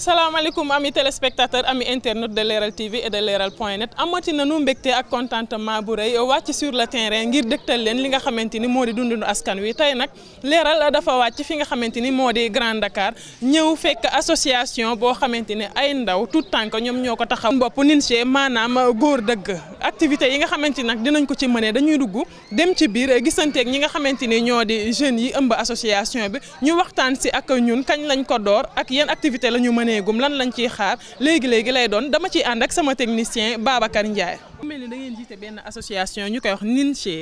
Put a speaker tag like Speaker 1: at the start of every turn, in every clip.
Speaker 1: salaamaaleykum ami téléspectateur ami internet de Leral TV et de Leral point net amati na nu mbégte ak contentement bu rëy wàcc sur le terrain ngir dëgtal leen li nga xamante ni moo di dundinu askan wi tey nag Leral dafa wàcc fi nga xamante ni moo di Grand Dakar ñëw fekk association boo xamante ni ay ndaw tout tànk ñoom ñoo ko taxaw bopp ninche maanaam góor dëgg activités yi nga xamante ni nag dinañ ko ci mënee dañuy dugg dem ci biir gisanteeg ñi nga xamante ni ñoo di jeunes yi ëmb association bi ñu waxtaan si ak ñun kañ lañ ko door ak yan activité la ñu mënee génneegum lan lañ ciy xaar léegi léegi lay doon dama ciy ànd ak sama technicien
Speaker 2: Babacar Ndiaye.
Speaker 1: mu mel ni da jiite benn association ñu koy wax Ninche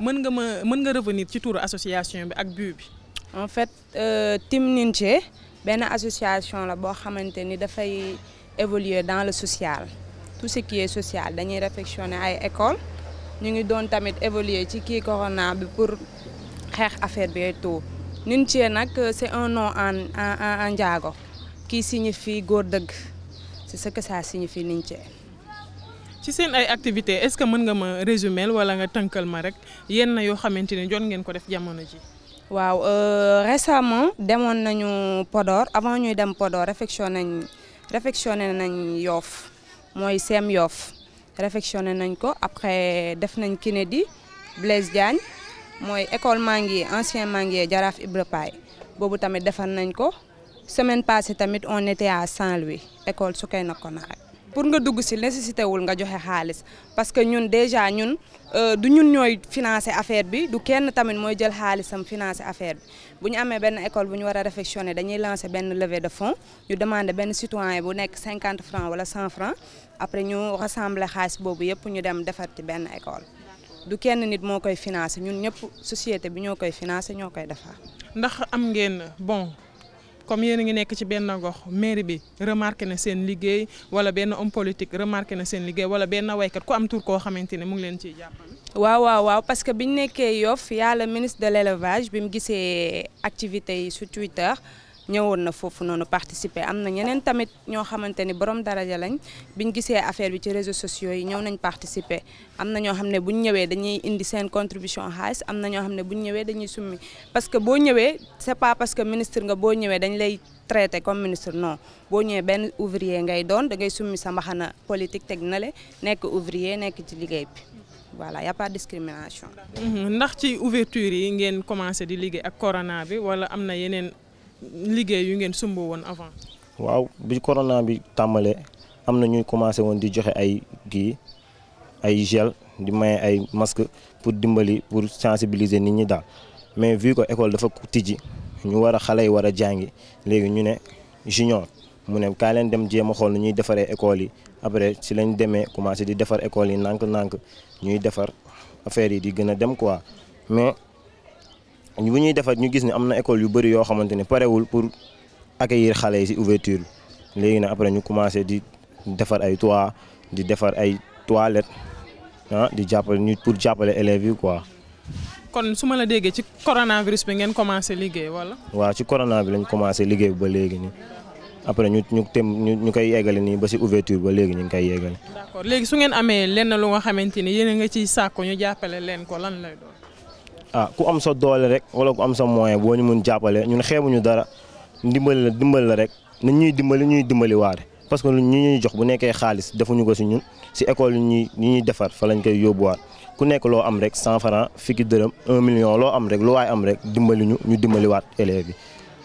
Speaker 1: mën nga ma mën nga revenir ci turu association bi ak but bi.
Speaker 2: en fait euh, Team Ninche benn association la boo xamante ni dafay évoluer dans le social tout ce qui est social dañuy réfectionner ay école ñu ngi doon tamit évoluer ci kii corona bi pour xeex affaire bi et tout Ninche nag euh, c'est un nom en en en njaago kii signifie góor dëgg ci sa que ça signifie niñ
Speaker 1: ci seen ay activités est-ce que mën nga ma résumer wala nga tënkal ma rek yenn yoo xamante ne jot ngeen ko def jamono ji.
Speaker 2: waaw euh, récemment demoon nañu Podor avant ñuy dem Podor réfectionné nañ réfectionné nañ Yoff mooy seem yoof réfectionné nañ ko après def nañ di Blaise Diagne mooy école Manguier ancien Manguier Jaraaf Ibra Paye boobu tamit defar nañ ko. semaine passée tamit on était à Saint-Louis école Soukeyna Konaté pour nga dugg si nécessité wul nga joxe xaalis parce que ñun déjà ñun euh, du ñun ñooy financer affaire bi du kenn tamit mooy jël xaalisam financer affaire bi bu ñu amee benn école bu ñu war a réfectionner dañuy lancer benn levée de fonds ñu demander benn citoyen bu nekk cinquante francs wala cent francs après ñu rassembler xaalis boobu yëpp ñu dem defar ci benn école du kenn nit moo koy financer ñun ñëpp société bi ñoo koy financer ñoo koy defar.
Speaker 1: comme yéen a ngi nekk ci benn gox mairie bi remarqué na seen liggéey wala benn homme politique remarqué na seen liggéey wala benn waykat ku am tur koo xamante ne mu ngi leen ciy jàppale.
Speaker 2: waaw waaw waaw parce que biñ nekkee Yoff yàlla ministre de l' élevage bi mu gisee activité yi sur Twitter. ñëwoon na foofu noonu participer am na ñeneen tamit ñoo xamante ni borom daraja lañ biñ gisee affaire bi ci réseaux sociaux yi ñëw nañ participer am na ñoo xam ne buñ ñëwee dañuy indi seen contribution xaalis am na ñoo xam ne buñ ñëwee dañuy summi parce que boo ñëwee c'est pas parce que ministre nga boo ñëwee dañ lay traité comme ministre non boo ñëwee benn ouvrier ngay doon da ngay summi sa mbaxana politique teg na le nekk ouvrier nekk ci liggéey bi voilà y a pas discrimination.
Speaker 1: ndax ci ouverture yi ngeen commencé di liggéey ak corona bi liggéey yu ngeen sumboo woon avant.
Speaker 3: waaw bi corona bi tàmbalee am na ñuy commencé woon di joxe ay kii ay gel di maye ay masque pour dimbali pour sensibiliser nit ñi daal mais vu ko école dafa tijji ñu war a xale yi war a jàngi léegi ñu ne junior mu ne kaa leen dem jéem a xool nu ñuy defaree école yi après si lañ demee commencé di defar école yi nànk-nànk ñuy defar affaire yi di gën a dem quoi mais bu ñuy defar ñu gis ne am na école yu bëri yoo xamante parewul pour accueillir xale yi si ouverture léegi nag après ñu commencé di defar ay toit di defar ay toilettes ah di jàppale ñu pour jàppale élèves yi quoi.
Speaker 1: kon su ma la déggee ci coronavirus bi ngeen commencé liggéey wala.
Speaker 3: waaw corona bi lañ commencé liggéey ba léegi nii après ñu ñu tem ñu koy yeggale nii ba si ouverture ba léegi ñu koy yeggale.
Speaker 1: amee lenn lu nga xamante ni yéen a nga ñu jàppale leen ko lan lay doon.
Speaker 3: ah ku am sa doole rek wala ku am sa moyen boo ñu mun jàppale ñun xeebuñu dara ndimbal la dimbal la rek na ñuy dimbali ñuy dimbali waare parce que ñu ñuy jox bu nekkee xaalis defuñu ko si ñun si école yi ñuy yi ñuy defar fa lañ koy yóbbuwaat ku nekk loo am rek cent franc fiki dërëm un million loo am rek lu waay am rek dimbali ñu ñu dimbaliwaat élèves yi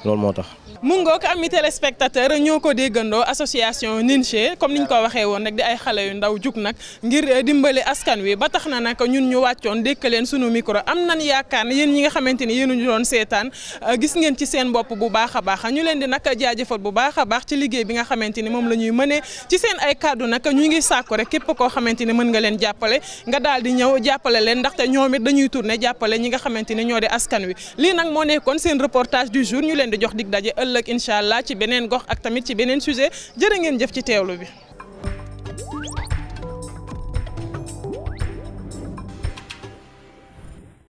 Speaker 3: loolu moo tax.
Speaker 1: mu ngoog ami téléspectateur ñoo ko déggandoo association Ninche comme niñ ko waxee woon rek di ay xale yu ndaw jug nag ngir eh, dimbali askan wi ba tax na nag ñun ñu wàccoon dékk leen sunu micro am nan yaakaar ne yéen ñi nga xamante ni yéen ñu doon seetaan eh, gis ngeen ci seen bopp bu baax a baax ñu leen di nag jaajëfal bu baax a baax ci liggéey bi nga xamante ni moom la ñuy mënee ci seen ay kàddu nag ñu ngi sàkku rek képp koo xamante ni mën nga leen jàppale nga daal di ñëw jàppale leen ndaxte ñoom it dañuy tourné jàppale ñi nga xamante ni ñoo di askan wi lii di jox dig daje ëllëg incha allah ci beneen gox ak tamit ci beneen sujet jërë ngeen jëf ci teewlu bi